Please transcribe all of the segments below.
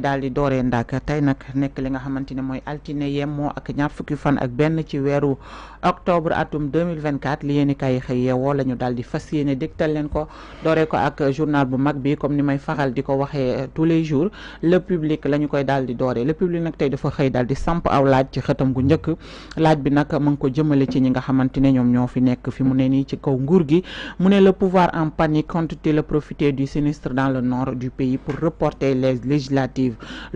daal di dooree ndak tay nak nek li nga xamantene moy altiné altine yemmoo ak ñaar fukki fan ak benn ci wéru octobre atum 2024 li yéen kay kayi xëy yeewoo ñu daal di ko ko ak journal bu mag bi comme ni may faral Diko waxé euh, tous les jours le public la ñu koy di le public nak tay dafa xey daal di samp aw laaj ci xëtam gu ñëk laaj bi nak mu ko jëmele ci ñi nga xamantene ñom ñoo fi nek fi mu ne ci kaw nguur gi mu le pouvoir en panique compte-t-il profiter du sinistre dans le nord du pays pour reporter les législatives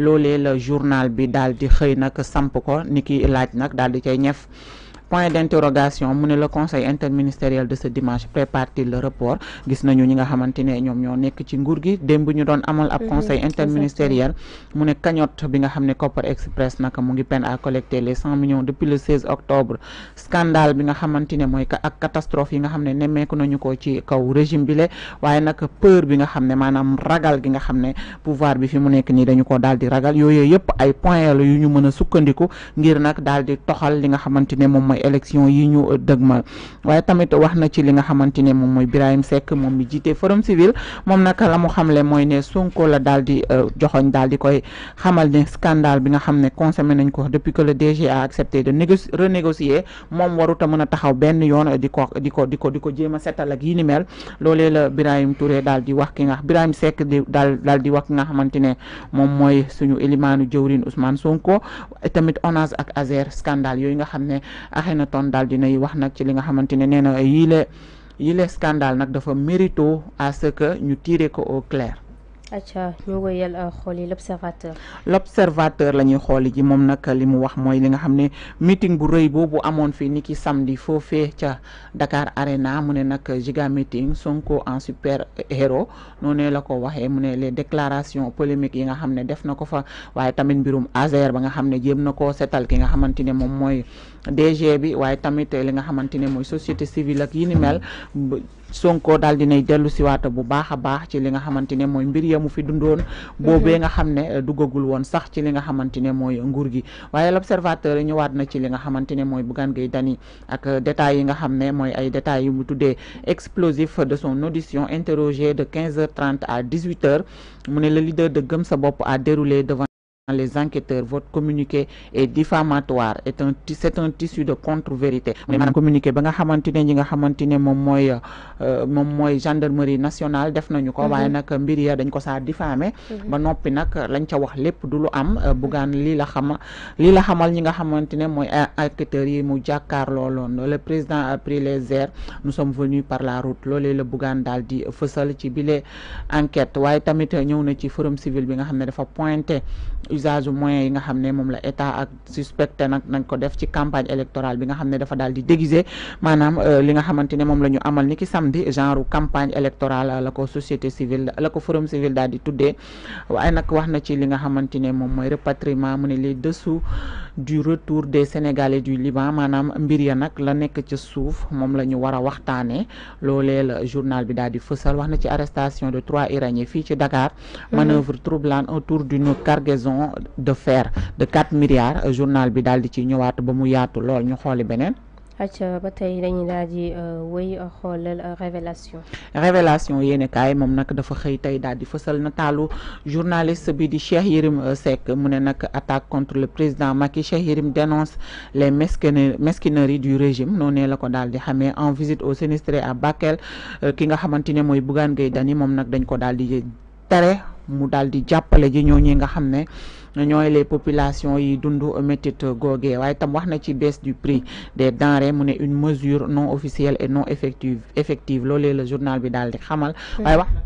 loole la journal bi daldi xëy nag samp ko ni ki laaj nag daldi di cay ñef point d'interrogation Mune le conseil interministériel de ce dimanche prépare-t-il le report gis nañu ñi nga xamante ñom ñoo nek ci nguur gi ñu doon amal ab mhm, conseil interministériel Mune ne cagnotte bi nga xam Copper Express naka mu ngi peine à collecter les 100 millions depuis le 16 octobre scandale bi nga xamante moy ka ak catastrophe yi nga xam ne nemmeeku nañu ko ci kaw régime bi lé waye nak peur bi nga xam manam ragal gi nga pouvoir bi fi mu nek ni dañu ko daldi ragal yooyu yépp ay point la yu ñu mëna sukkandiku ngir nak daldi toxal li nga mom mooy élection yi ñu dëgmal waaye tamit wax na ci li nga xamante ne moom mooy Birahim Seck moom mi jiite forum civil moom la mu xamle mooy ne Sonko la daal di euh, joxoñ daal di koy xamal ne scandale bi nga xam ne consommé nañ ko de négoci renégocier moom warut a mën a taxaw benn yoon di ko di ko di ko di ko jéem a setal ak yi ni mel loolee la Birahim Touré daal di wax ki nga Birahim Seck di daal daal di wax ki nga xamante ne moom mooy suñu élimaanu jëwrin Ousmane Sonko tamit ONAS ak ASER scandale yooyu nga xam ne Akhenaton daal dinay wax nag ci li nga xamante ne nee na yile yile scandale nag dafa mérito à ce que ñu tirer ko au clair. acca ñu wëyal xool la ñuy xooli ji moom nag li mu wax mooy li nga xam ne meeting bu rëy boobu amoon fii ni ki samedi foofee ca Dakar Arena mu ne nag giga meeting Sonko en super héros la ko waxee mu ne les déclaration polémiques yi nga xam ne def na ko fa waaye tamit mbirum Azer ba nga xam ne jéem na koo setal ki nga xamante ne moom mooy DG bi waye tamit li nga xamantene moy société civile ak yini mel Sonko daal dinay ci wata bu baakha baax ci li nga xamantene moy mbir ya mu fi dundon mhm. bobé nga xamné ne eh, duggagul woon sax ci li nga xamantene moy nguur gi waye l'observateur wat na ci li nga xamantene moy mooy Bougane Gueye ak détail yi nga xamné moy ay détail yu mu tuddé explosif de son audition interrogé de 15h30 à 18h mune le leader de Gëm sa bop a déroulé devant les enquêteurs, votre communiqué est diffamatoire, est un, c'est un tissu de contre-vérité. Mais mm -hmm. communiqué, ben xamantene ñi nga xamantene mom moy mom moy euh, gendarmerie nationale def nañu ko waye mhm. nak mbir ya dañ ko sa diffamer mhm. ba nopi nak lañ ca wax lepp du lu am euh, gan li la xam li la xamal ñi nga xamantene moy enquêteurs yi mu jakar lolon le président a pris les airs nous sommes venus par la route lolé le bugaan dal di feussal ci bilé enquête waye tamit ñew na ci forum civil bi nga xamne dafa pointer usage moyen yi nga xamné mom la état ak suspecté nak nañ ko def ci campagne électorale bi nga xamné dafa dal di déguiser manam euh, li nga xamante mom lañu amal ni ki samedi genre campagne électorale la ko société civile la ko forum civil dal di tuddé waaye nak wax na ci li nga xamante mom moy repatriement mune les dessous du retour des sénégalais du Liban Manam mbir ya nak la nek ci souf mom lañu wara waxtané lolé le journal bi dal di feussal wax na ci arrestation de trois iraniens fi ci Dakar mhm. manœuvre troublante autour d'une cargaison de fer de 4 milliards euh, journal bi daldi ci ñëwaat ba mu yaatu lool ñu xoli benen acca ba tay dañuy daal di euh, wéy euh, xoolal révélation révélation yene kay mom nak dafa xey tay daldi di na talu journaliste bi di Cheikh yirim Seck mu ne nag attaque contre le président Macky Cheikh yirim dénonce les mesquineries du régime noné la ko daldi di en visite au sinistré à Bakel ki nga xamantene moy mooy Bougane Gueye Dany moom nag dañ ko daldi taré mu dal di jàppale ji ñoo ñi nga xam ne ñooy les populations yi dundo métit googee waaye tam wax na ci baisse du prix des denrées Muné une mesure non officielle et non effective effective L'olé le journal bi daal di xamal hmm. waaye wax na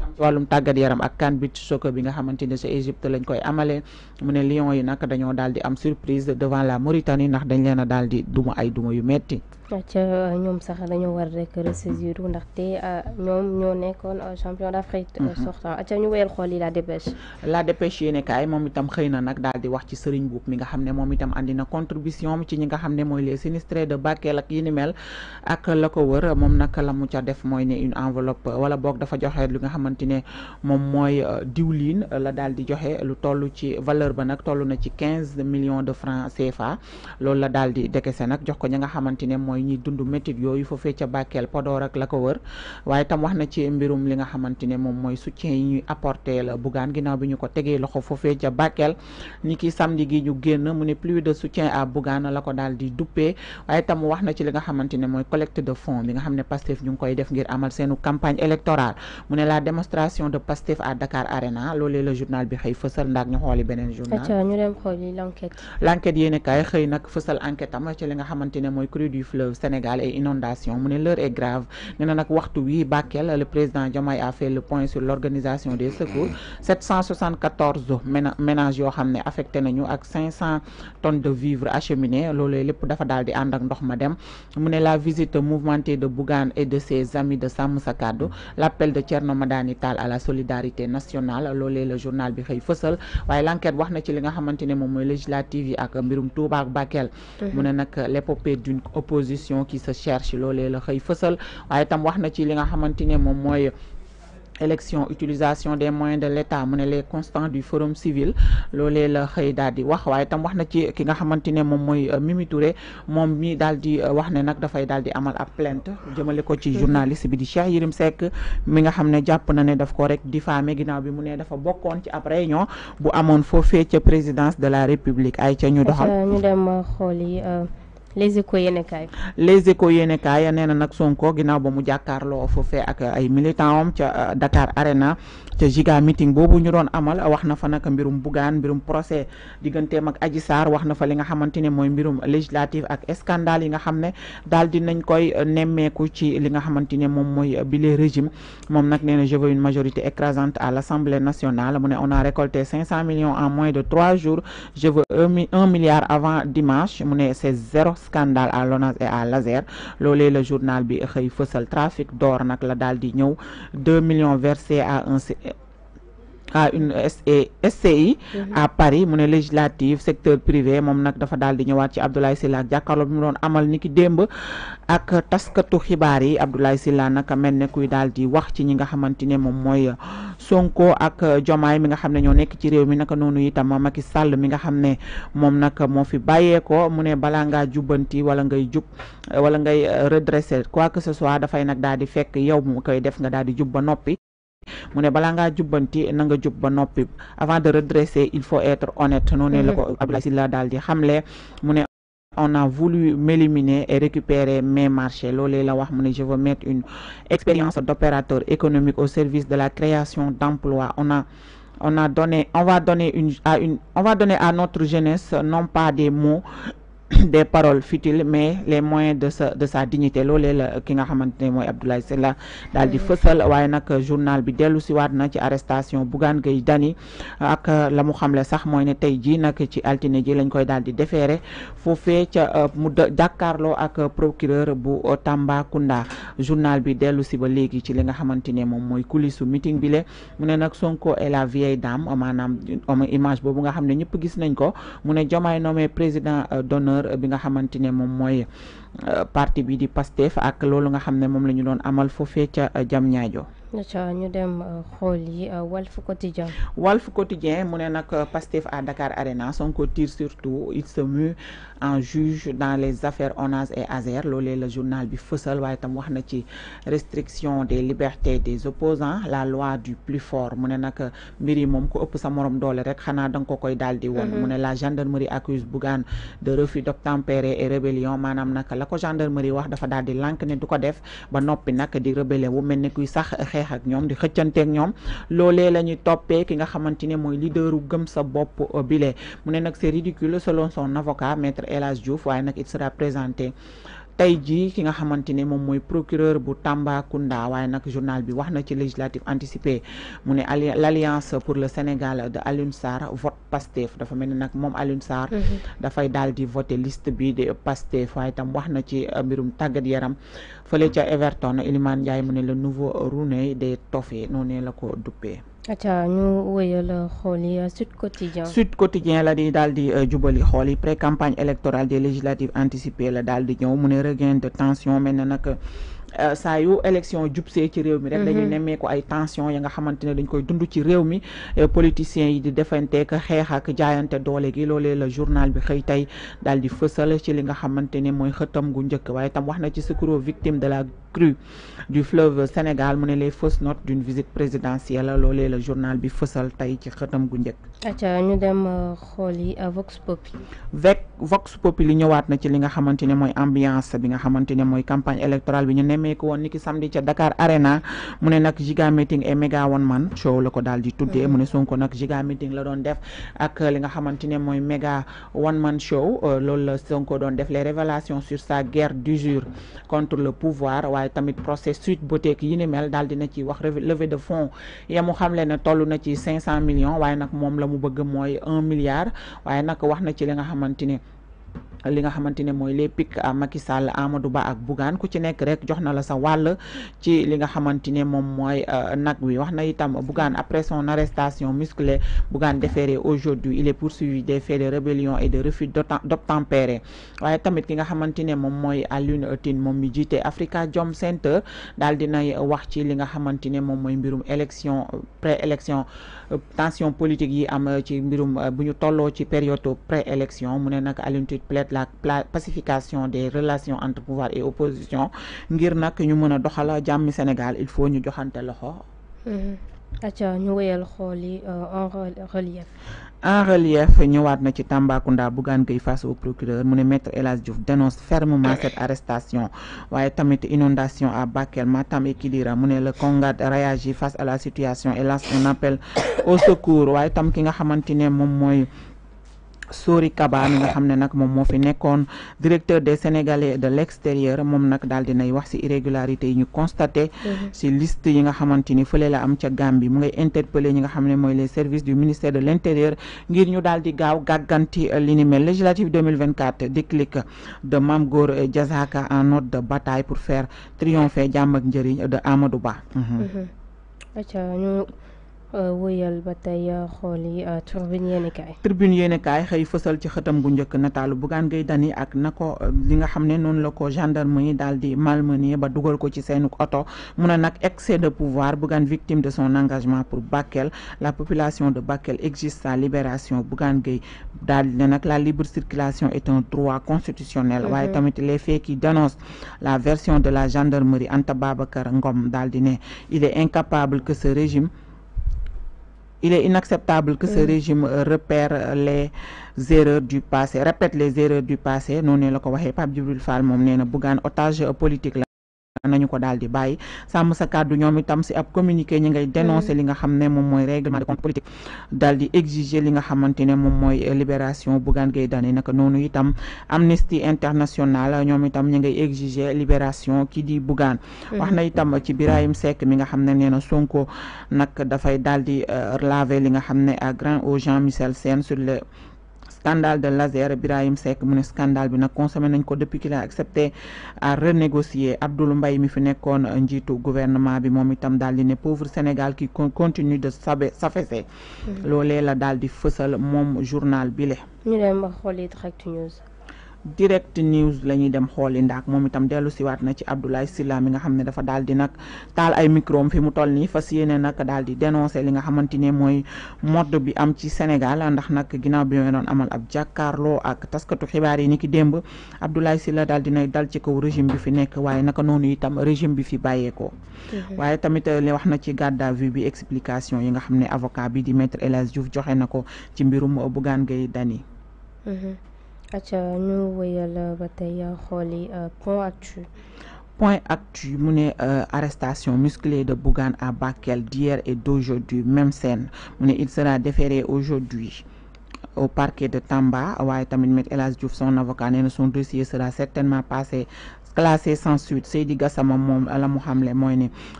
tam ci yaram ak kan soko ci soccer bi nga xamante sa Égypte lañ koy amalee mu ne yi nag dañoo daal am surprise devant la Mauritanie ndax dañ leen a duma ay duma yu metti ca euh, ñoom sax dañoo war rek ressaisir ndaxte euh, ñoom ñoo nekkoon euh, champion d'Afrique hmm. sortant ca ñu wéyal xool yi la dépêche la dépêche yéene kaay moom itam xëy Nak dal di wax ci Serigne Mboup mi nga andina ne moom itam andi na contribution ci ñi nga xam ne les sinistrés de Bakel ak yi ni mel ak la ko wër moom nag la ca def ne une enveloppe wala boog dafa joxe li nga mooy euh, euh, la daal di joxe lu toll ci valeur ba nag toll na ci quinze millions de francs CFA loolu la daal di dekese nak jox ko ñi nga xamante ne mooy ñi dund métit yooyu foofee ca Bakel Podor ak la wër waaye tam wax na ci mbirum li nga mooy soutien ñuy apporter la bugaan ginnaaw bi ñu ko loxo ca Bakel ni ki samedi gi ñu génn mu ne plus de soutien à Bougane la ko daal di duppee waaye tam wax na ci li nga xamante ne mooy collecte de fonds bi nga xam ne Pastef ñu ngi koy def ngir amal seenu campagne électorale mu ne la démonstration de Pastef à Dakar Arena loolee le journal bi xëy fësal ndax ñu xooli beneen journal ñu dem xooli l'enquête l'enquête yéen kaay xëy nag fësal enquête am ci li nga xamante ne mooy crue du fleuve Sénégal et inondation mu ne leur est grave nee na nag waxtu wi Bakel le président Diomaye a fait le point sur l'organisation des secours 774 ménages yoo xam affecté nañu ak 500 tonnes de vivres acheminés lolé lépp dafa daldi and ak ndox ma dem la visite mouvementée de Bougane et de ses amis de sam sakado l'appel de Thierno Madani à la solidarité nationale l'olé le journal bi xey feussal waaye l'enquête waxna ci li nga xamante mom moy législative ak mbirum Touba ak Bakel mhm. l'épopée d'une opposition qui se cherche l'olé le xey feussal waaye tam waxna ci li nga élection utilisation des moyens de l'État monnaie les constats du forum civil l'olé la xey wa wa wax waaye tam waxna ci ki nga xamante ne moy euh, Mimi Touré mom mi d'aldi di euh, wax ne nag dafay di amal à plainte j'ai ko ci journaliste bi di Cheikh Yirim Seck mi nga ne na ne daf ko rek diffamé ginaaw bi mu ne dafa bokkon ci ab réunion bu amone fofé ci présidence de la république ay ca ñu doxal ñu dem yi les échos yéenekaay les échos yéenekaay nee na nag Sonko ginaaw ba mu jàkkaarloo foofee ak ay militant am ca euh, Dakar Arena ca giga meeting bobu ñu doon amal waxna na fa nak mbirum bugaan mbirum procès digganteem mak aji sar waxna na fa li nga xamante moy mbirum législatif ak scandale yi nga xamné ne daal koy néméku ci li nga xamante mom moy régime mom nak néna je veux une majorité écrasante à l'Assemblée nationale mu on a récolté 500 millions en moins de trois jours je veux un milliard avant dimanche mu c'est zéro scandale à l'ONAS et à l'ASER lolé le journal bi xey feussal trafic d'or nak la dal di deux millions versés à un à une SCI mhm. à Paris mon législatif, secteur privé moom nak dafa dal di ñëwaat ci Abdoulaye Sylla ak bi mu doon amal niki demb, ak taskatu xibaar yi Abdoulaye Sylla nak melne kuy dal di wax ci ñi nga xamantene ne moy Sonko ak Jomay mi nga xamne ñoo nekk ci réew mi nak nonu itam Macky Sall mi nga xamne mom nak mo fi bayé ko mu ne bala nga jubanti wala ngay jub wala ngay redresser quoi que ce soit fay nak dal di fekk yow mu koy def nga dal di jub ba avant de redresser il faut être honnête mhm. on a voulu m'éliminer et récupérer mes marchés lolé la je veux mettre une expérience d'opérateur économique au service de la création d'emplois on a on a donné on va donner une à une on va donner à notre jeunesse non pas des mots des paroles futiles mais les moyens de sa de sa dignité loolee la ki nga xamante ne mooy Abdoulaye Sylla daal di mm. fësal waaye nag journal bi dellu si waat na ci arrestation Bougane Gueye dani ak la mu xamle sax mooy ne tey ji nag ci altine ji lañ koy daal di defeere foofee ca euh, mu jàkkaarloo ak procureur bu Tambacounda journal bi dellu si ba léegi ci li nga xamante ne moom mooy kulisu meeting bi le mu ne nag Sonko et la vieille dame maanaam euh, image boobu nga xam ne ñëpp gis nañ ko bi nga xamante ne moom mooy euh, parti bi di Pastef ak loolu nga xam ne moom la ñu doon amal foofee ca jam euh, ñaajo ñu dem euh, xool yi euh, Walf Quotidien. Walf Quotidien mu ne euh, Pastef à Dakar Arena Sonko tire surtout il se mue en juge dans les affaires ONAS et Azer. loolee le journal bi fësal waaye tam wax na ci restriction des libertés des opposants la loi du plus fort mu ne nag mbir yi moom ko ëpp sa morom doole rek xanaa da nga ko koy daal di woon. Mm-hmm. la gendarmerie accuse Bougane de refus d'obtempérer et rébellion maanaam nag la ko gendarmerie wax dafa daal di ne du ko def ba noppi nag di rebelle wu mel ni kuy sax xeex ak ñoom di xëccanteeg ñoom loolee la ñuy toppee ki nga xamante ne mooy leaderu gëm sa bopp euh, bile mu ne nag c'est ridicule selon son avocat maître El Hadj Diouf waaye nag il sera présenté tey jii ki nga xamante ne moom mooy procureur bu Tambacounda waaye nag journal bi wax na ci législatif anticipé mu ne l'alliance pour le Sénégal de Alioune Sarr vote Pastef dafa mel ni nag moom Alioune Sarr mhm. dafay daal di voter liste bi de Pastef waaye tam wax na ci euh, mbirum tàggat yaram fële ca Everton Iliman Ndiaye mu ne le nouveau Rooney des Toffees noné la ko duppee. acca ñu wëyal xool yi Sud Quotidien Sud Quotidien la di daldi euh, jubali xool yi pré campagne électorale des législatives anticipées la daldi di ñëw mu ne regain de tension mel nak euh, sa yo élection jubsee ci réew mi rek dañuy mhm. ko ay tension ya nga xamante dañ koy dund ci réew mi euh, politiciens yi di ak xéx ak jaayante doole gi lolé le journal bi xey tay dal di feussal ci li nga xamante moy xëtam gu njëkk waaye tam wax na ci secours aux victimes de la crue du fleuve Sénégal mu les fausses notes d'une visite présidentielle lolé le journal bi feussal tay ci xëtam gu njëkk. acca ñu dem euh, xool yi Vox Populi. Vox Populi ñëwaat na ci li nga xamante moy ambiance bi nga xamante moy campagne électorale bi ñu nemmeeku nemmeeku woon niki samedi ca Dakar Arena mu ne nag giga meeting et méga one man show la ko daal di tuddee mu ne Sonko nag giga meeting la doon def ak li nga xamante ne mooy méga one man show euh, loolu la Sonko doon def les révélations sur sa guerre jour contre le pouvoir waaye tamit procès suite boutique yi ni mel di na ci wax levée de fonds ya mu xamle ne toll na ci cinq cent millions waaye nag moom la mu bëgg mooy un milliard waaye nag wax na ci li nga xamante ne li nga xamante ne mooy les pics à Macky Sall Amadou Ba ak Bougane ku ci nekk rek jox na la sa wàll ci li nga xamante ne moom mooy euh, nag wi wax na itam Bougane après son arrestation musclée Bougane déféré aujourd'hui il est poursuivi des faits de rébellion et de refus d'obtempérer waaye tamit ki nga xamante ne moom mooy Alioune Tine moom mi jiite Africa Jom Center daal dinay wax ci li nga xamante ne moom mooy mbirum élection pré élection euh, tension politique yi am ci mbirum euh, bu ñu tolloo ci période pré mu ne nag Alioune Afrique plaide la pacification des relations entre pouvoir et opposition ngir nak ñu mëna a doxal Sénégal il faut ñu joxante loxo. Mm-hmm. acca ñu wéyal xool yi euh, en relief. en relief ñëwaat na ci Tambacounda Bougane Gueye face au procureur mu maître El Diouf dénonce fermement cette arrestation Waye tamit inondation à Bakel Matam et Kidira mu le Congad réagit face à la situation et lance un appel au secours Waye tam ki nga xamante mom moy Sori Kaba mi nga xamne nak mom mo fi nekkone directeur des Sénégalais de l'extérieur m'ont nak dal dinay wax ci irrégularité ñu constaté mhm. ci liste yi nga xamante ni la am ci Gambie mu ngay interpellé ñi nga xamne moy les services du ministère de l'intérieur ngir ñu daal di gaaw gàgganti euh, mel législative 2024 déclic de Mam Gor jazaka en ordre de bataille pour faire triompher jamm ak njëriñ de Amadou Ba mhm. Mhm. Euh, wëyal ba tey euh, xool yi euh, Tribune yéenekaay Tribune yéenekaay xëy fësal ci xëtam bu njëkk nataalu Bougane Gueye dani ak na ko li nga xam ne noonu la ko gendarme yi daal di malmené ba dugal ko ci seen oto mun a nag excès de pouvoir Bougane victime de son engagement pour Bakel la population de Bakel exige sa libération Bougane Gueye daal di nag la libre circulation est un droit constitutionnel waaye mhm. tamit les faits qui dénoncent la version de la gendarmerie Anta Babacar Ngom daal di il est incapable que ce régime il est inacceptable que ce euh. régime euh, repère euh, les erreurs du passé, répète les erreurs du passé. Nous ne otage politique. nañu ko daal di bàyyi sàmm sa kàddu ñoom itam si ab communiquer ñi ngay dénoncer mm. li nga xam ne moom mooy règlement de compte politique daal di exiger li nga xamante ne moom mooy libération Bougane Gueye Dany naka noonu itam Amnesty International ñoom itam ñi ngay exiger libération kii di Bougane mm-hmm. wax na itam ci Birahim Seck mi nga xam ne nee na Sonko nag dafay daal di euh, laver li nga xam ne à grand au Jean Michel Sène sur le scandale de Lazer Birahim Seck mu ne scandale bi nag consommé nañ ko depuis qu'il a accepté à renégocier Abdoul Mbaye mi fi nekkoon njiitu gouvernement bi moom itam daal di ne pauvre Sénégal qui continue de sabe s'affaisser mm-hmm. loole la daal di fësal moom journal bi direct news la ñuy dem yi ndaak moom itam dellu siwaat na ci Abdoulaye Sylla mi nga xam ne dafa daal di nag taal ay micro fi mu toll nii fa fas yéene naka daal di dénoncé li nga xamante ne mooy mode bi am ci Sénégal ndax nag ginnaaw bi ma doon amal ab jàkkaarloo ak taskatu xibaar yi ni ki démb Abdoulaye Sylla daal dinay dal ci kaw régime bi fi nekk waaye naka noonu itam régime bi fi bàyyeekoo mhm. waaye tamit eh, li wax na ci garde à vue bi explication yi nga xam ne avocat bi di maître El la Diouf joxe na ko ci mbirum Bougane Gueye Dany mhm. Acha, ñu wëyal euh, ba tey euh, xooli euh, point actuel. Point actuel, arrestation musclée de Bougan à Bakel d'hier et d'aujourd'hui, même scène. il sera déféré aujourd'hui au parquet de Tamba. tamit Tamin Elas Diouf, son avocat, son dossier sera certainement passé classé sans suite. Seydi Gassama Mom,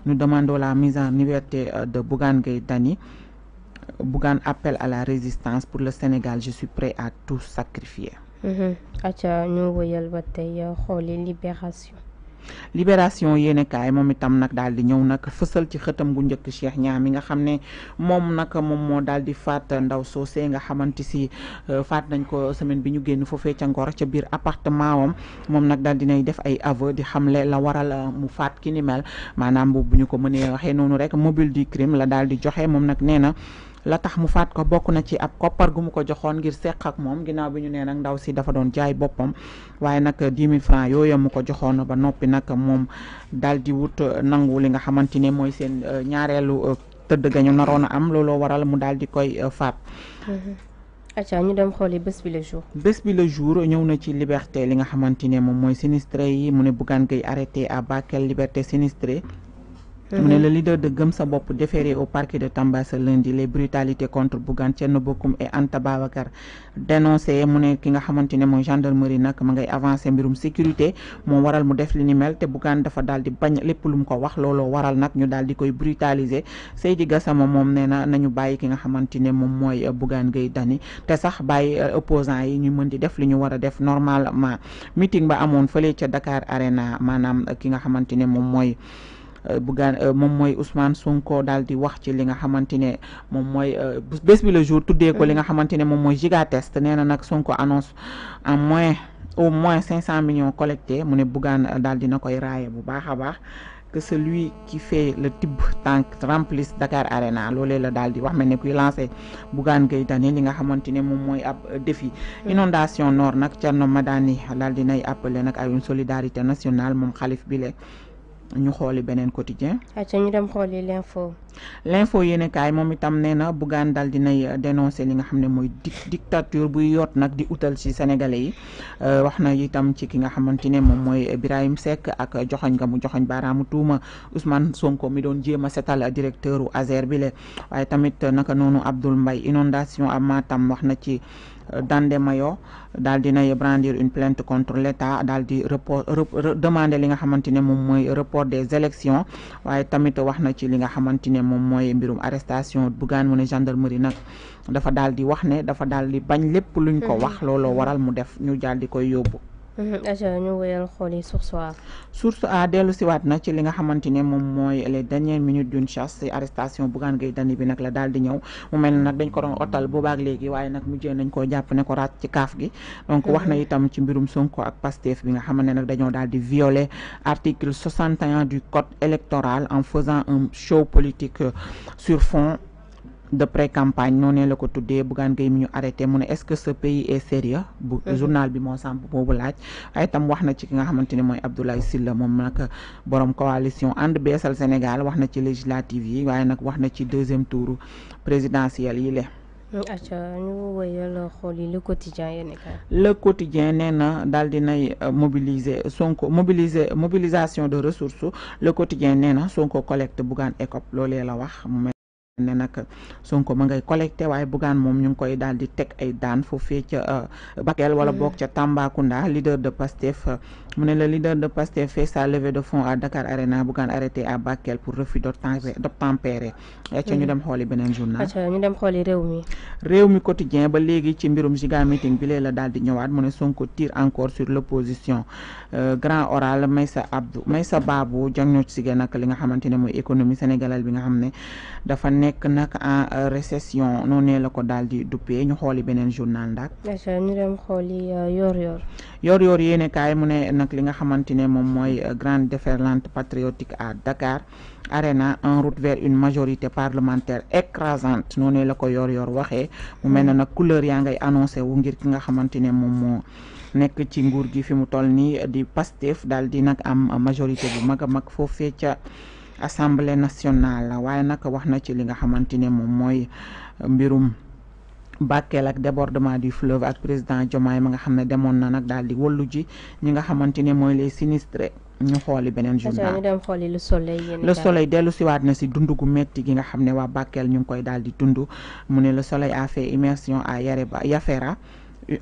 Nous demandons la mise en liberté de Bougan Dani. Bougan appelle à la résistance pour le Sénégal. Je suis prêt à tout sacrifier. Mhm. acca ñu wëyal ba tey euh, xooli libération libération yéene moom itam nag daal di ñëw nag fësal ci xëtam bu njëkk Cheikh ñaam yi nga xam ne moom nag moom moo daal di faat ndaw soose nga xamante si euh, faat nañ ko semaine bi ñu génn foofee ca Ngor ca biir appartement wam moom nag daal dinay def ay aveu di xamle la waral euh, mu faat ki ni mel maanaam bu ñu ko mënee waxee noonu rek mobile du crime la daal di joxe moom nag nee na la tax mu fat ko bokku na ci ab copar gumu ko joxone ngir sekk ak mom ginaaw bi ñu nee nag ndaw si dafa don jaay bopam waye nak 10000 francs yoyam mu ko joxone ba nopi nak mom daldi wut euh, nangu li nga xamantene moy seen euh, euh, am lolo waral mu daldi di koy fat mm-hmm. acha ñu dem xoli bés bi le jour bés bi le jour ñew na ci liberté li nga xamantene mom moy sinistré yi mu ne gan Gueye arrêté à Bakel liberté sinistré mu ne mhm. le leader de Gëm sa bopp déféré au parquet de Tamba ce lundi les brutalités contre Bougane Thierno Bocoum et Anta Babacar dénoncé mu ne ki nga xamante ne mooy gendarmerie nag mu ngay avancé mbirum sécurité moo waral mu def li ni mel te Bougane dafa daal di bañ lépp lu mu ko wax looloo waral nag ñu daal di koy brutaliser Seydi Gassama moom nee na nañu bàyyi ki nga xamante ne moom mooy Bougane gay Dany te sax bàyyi euh, opposant yi ñu mën di def li ñu war a def normalement meeting ba amoon fële ca Dakar Arena maanaam ki nga xamante ne moom mooy Euh, Bougane euh, Ousmane Sonko Daldi di wax ci li nga xamantene mom euh, le jour tout ko li nga xamantene mom moy giga test Sonko annonce en moins au moins 500 millions collectés mune Bougane dal di que celui qui fait le type tank remplisse Dakar Arena lolé la daldi di wax melni kuy lancé Bougane Gueye tane li nga xamantene défi mm. inondation nord nak Thierno Madani di nay appelé nak à une solidarité nationale mon Khalif Bile ñu xooli beneen quotidien aca ñu dem xooli l'info l'info yéenekaay moom itam nee na Bougane daal dinay dénoncer li nga xam ne mooy di dictature buy yoot nag di utal ci sénégalais yi euh, wax na itam ci ki nga xamante ne moom mooy biraahim Seck ak joxoñ nga mu joxoñ baaraamu tuuma usman Sonko mi doon jéem a setal directeur u ASER bi le waaye tamit naka noonu Abdoul mbay inondation am wax na ci Dande Mayo daal di nay brandir une plainte contre l'État daal di report demander li nga xamante ne moom mooy report des élections waaye tamit wax na ci li nga xamante ne moom mooy mbirum arrestation Bougane mu ne gendarmerie nag dafa daal di wax ne dafa daal di bañ lépp lu luñ ko mhm. wax looloo waral mu def ñu daal di koy yóbbu. Mhm. Aja ñu wéyal xool yi source a source a dellu siwaat na ci li nga xamante ne moom mooy les dernières minutes d'une chasse arrestation Bougane Gueye dani bi nag la daal di ñëw mu mel ne nag dañ ko doon otal boobaak léegi waaye nag mujjee nañ ko jàpp ne ko raat ci kaaf gi donc wax na mhm. itam ci mbirum Sonko ak Pastef bi nga xam ne nag dañoo daal di violer article 61 du code électoral en faisant un show politique sur fond de pré-campagne bugan arrêté est-ce que ce pays est sérieux bu mhm. journal bi moo samp boobu laaj de ci Abdoulaye Silla borom coalition and Sénégal qui na ci législative yi waaye deuxième tour présidentiel le quotidien le quotidien euh, mobiliser mobilisation de ressources le quotidien nous avons collecte ECOP ne nag Sonko ma ngay collecté waaye Bougane moom ñu ngi koy daal di teg ay daan foofee ca euh, Bakel wala mm. boog ca Tambacounda leader de Pastef euh, mu ne le leader de Pastef fait sa levée de fonds à Dakar Arena Bougane arrêté à Bakel pour refus d'obtempérer mm. ca ñu dem xooli beneen journal ñu dem xooli réew mi réew mi quotidien ba léegi ci mbirum giga meeting bi lee la daal di ñëwaat mu ne Sonko tire encore sur l'opposition euh, grand oral Meïssa Abdou Meïssa Babou jang ñoo ci nag li nga xamante ne mooy économie sénégalaise bi nga xam ne nekk nag en euh, récession noonu la ko daal di duppee ñu xooli beneen journal ndax. ñu dem xooli euh, yor yor. yor yor yéene kaay mu ne nag li nga xamante ne moom mooy euh, grande déferlante patriotique à Dakar Arena en route vers une majorité parlementaire écrasante noonu la ko yor yor waxee mu mel ne nag couleur yaa ngay annoncé wu ngir ki nga xamante ne moom moo. nekk ci nguur gi fi mu toll nii di Pastef daal di nag am majorité bu mag mag foofee ca. assemblée nationale waaye nag wax na ci li nga xamante ne moom mooy mbirum Bakel ak débordement du fleuve ak président Diomaye ma nga xam ne demoon na nag daal di wallu ji ñi nga xamante ne mooy les sinistrés ñu xooli beneen journal ñu dem xooli soleil le soleil dellu siwaat na si dund gu métti gi nga xam ne waa Bakel ñu ngi koy daal di dund mu ne la soleil a fait immersion à Yare Yafera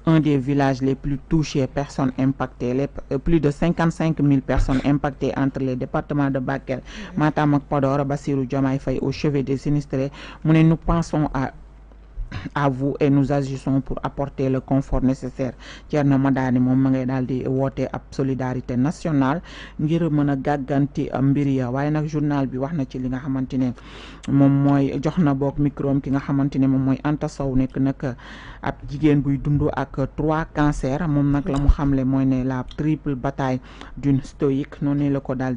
un des villages les plus touchés, personnes impactées, euh, plus de 55 000 personnes impactées entre les départements de Bakel, Matamakpado, Pador Bassirou, Diomaye au chevet des sinistrés. Nous pensons à à vous et nous agissons pour apporter le confort nécessaire Tierno Madani moom ma ngay daal solidarité nationale ngir mën a Ambiria, mbir journal bi wax na ci li nga xamante ne moom na ki nga xamante ne moom mooy Anta Sow nekk ab ak trois cancers Mon nak la xamle la triple bataille d'une stoïque Noné le ko daal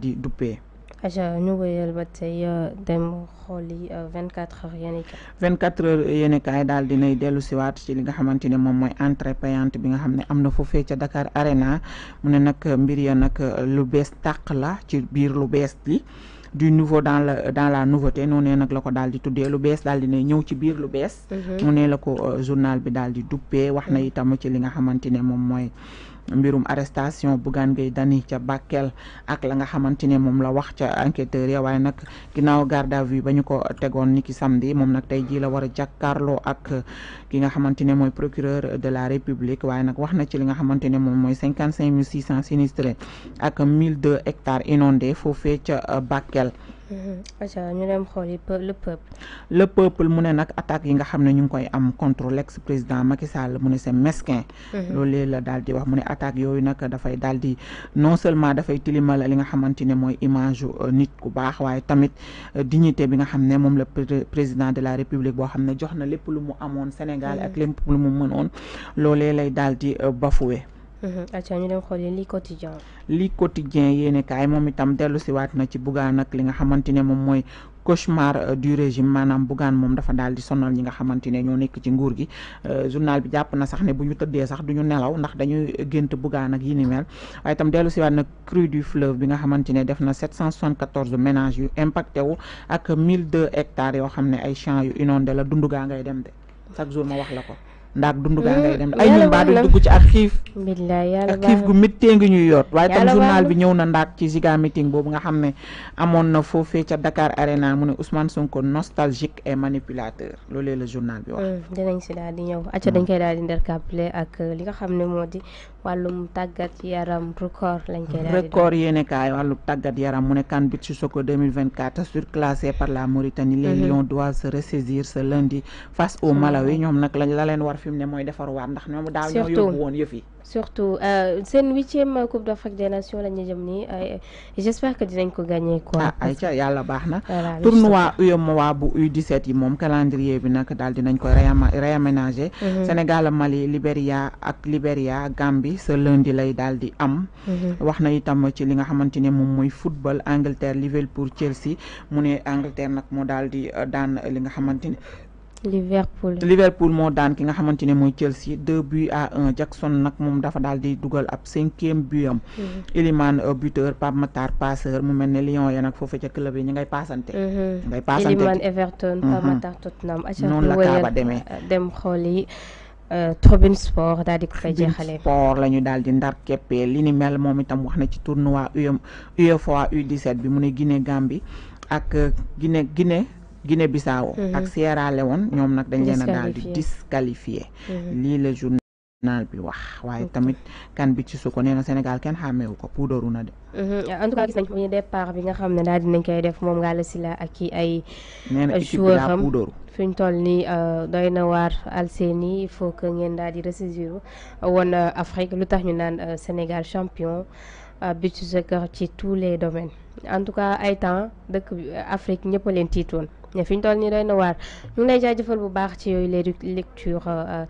aja ñu wéyal ba tey dem xool yi vingt heures yéen kaay. 24 heures yéen kaay dinay dellu siwaat ci li nga xamante ne moom mooy entrée payante bi nga xam ne am na foofee ca Dakar Arena mu ne nag mbir ya nag lu bees tàq la ci biir lu bees li du nuveau dans la dans la nouveauté noonu nag la ko daal di tuddee lu bees daal di ñëw ci biir lu bees. mu ne la ko journal bi daal di duppee wax na itam ci li nga xamante ne moom mooy. mbirum arrestation Bougane Gueye Dany ca Bakel ak la nga xamante ne moom la wax ca enquêteurs ya waaye nag ginnaaw garde à vue ba ñu ko tegoon niki samedi moom nag tey jii la war a jàkkaarloo ak ki nga xamante ne mooy procureur de la république waaye nag wax na ci li nga xamante ne moom mooy cinquante cinq mille six cent sinistrés ak mille deux hectares inondés foofee ca Bakel Mm-hmm. ñu dem xool le peuple. mu ne nag attaques yi nga xam ne ñu ngi koy am contre l'ex président Macky Sall mu ne c'est mesquin. Mm-hmm. loolee la daal di wax mu ne attaque yooyu nag dafay daal di non seulement dafay tilimal li nga xamante ne mooy image euh, nit ku baax waaye tamit euh, dignité bi nga xam ne moom la président de la république boo xam ne jox na lépp lu mu amoon Sénégal ak mm-hmm. lépp lu mu mënoon loolee lay daal di euh, bafoué. accañu dem xoolee li quotidien li quotidien yéene kaay moom itam dellu si waat na ci bugan ak li nga xamantene mom moy cauchemar eh, du régime manam bugan mom dafa dal di sonal ñi nga xamantene ño nek ci nguur gi eh, journal bi japp na sax ne buñu ñu sax duñu nelaw ndax dañuy gënt bugan ak yi ni mel waaye tam delu ci wat na crue du fleuve bi nga xamantene def na 774 ménages yu impacté wu ak 1002 hectares yo xam ay champs yu inondé la dundu ngay dem de chaque jour ma wax la ko ndax dund gaa ngay dem mm, ay ñun baa dugg ci ak xiif ak xiif gu méttee ngi ñuy yoot waaye tam journal bi ñëw na ndax ci Ziga meeting boobu nga xam ne amoon na foofee ca Dakar Arena mu ne Ousmane Sonko nostalgique et manipulateur loolee la journal bi wax mm, dinañ si daal di ñëw acca dañ mm. koy daal di nderkàppale ak euh, li nga xam ne moo di wàllum tàggat yaram record lañ koy record yéene kaay tàggat yaram mu ne CAN Beach Soccer 2024 surclassé par la Mauritanie les mhm. Lions doivent se ressaisir ce lundi face au Malawi ñoom nag lañu la leen war fi mu ne mooy defar waat ndax ñoom daaw ñoo yóbbu woon yëf yi surtout c'est euh, une huitième coupe d'Afrique des nations la ñu j'espère que dinañ ko gagner quoi. ah c'est yàlla baax baxna tournoi UEMOA bu U17 yi mom calendrier bi nag daal dinañ ko réaménager. Mhm. Sénégal Mali Libéria ak Libéria Gambie ce lundi lay dal di am. Mhm. waxna itam ci li nga xamante mom moy football Angleterre Liverpool Chelsea mune Angleterre nak mo dal di euh, daan li nga xamante Liverpool Liverpool moo daan ki nga xamante ne mooy Chelsea deux buts à un Jackson nag moom dafa daal di dugal ab cinquième but am mm-hmm. Iliman euh, buteur Pape Matar passeur mu mel ne Lyon ya nag foofu ca club yi ñu ngay passante mm-hmm. ngay passante Iliman Everton Pape mm-hmm. Matar Tottenham noonu la kaaba demee euh, dem xool yi euh, Trobin Sport daal di ko fay jeexalee. Sport la ñu daal di ndar keppee li ni mel moom itam wax na ci tournoi UEFA U17 bi mu ne Guinée Gambie ak Guinée Guinée. Guinée Bissau mhm. ak Sierra Leone ñoom nag dañ leen a daal di disqualifié mhm. lii la journal bi wax waaye tamit kan bi ci su ko nee na Sénégal kenn xàmmeewu ko puudaru na de mhm. en gis nañ bi nga xam ne daal dinañ koy def moom Ngalla Sylla ak kii ay nee na équipe bi daa puudaru fi ñu toll nii euh, doy na waar Alseni il faut que ngeen daal di ressaisir woon euh, Afrique lu tax ñu naan euh, Sénégal champion bi ci ci tous les domaines en tout cas ay temps dëkk Afrique ñëpp a leen fi ñu toll nii doy na waar ñu ngi lay jaajëfal bu baax ci yooyu les lecture euh,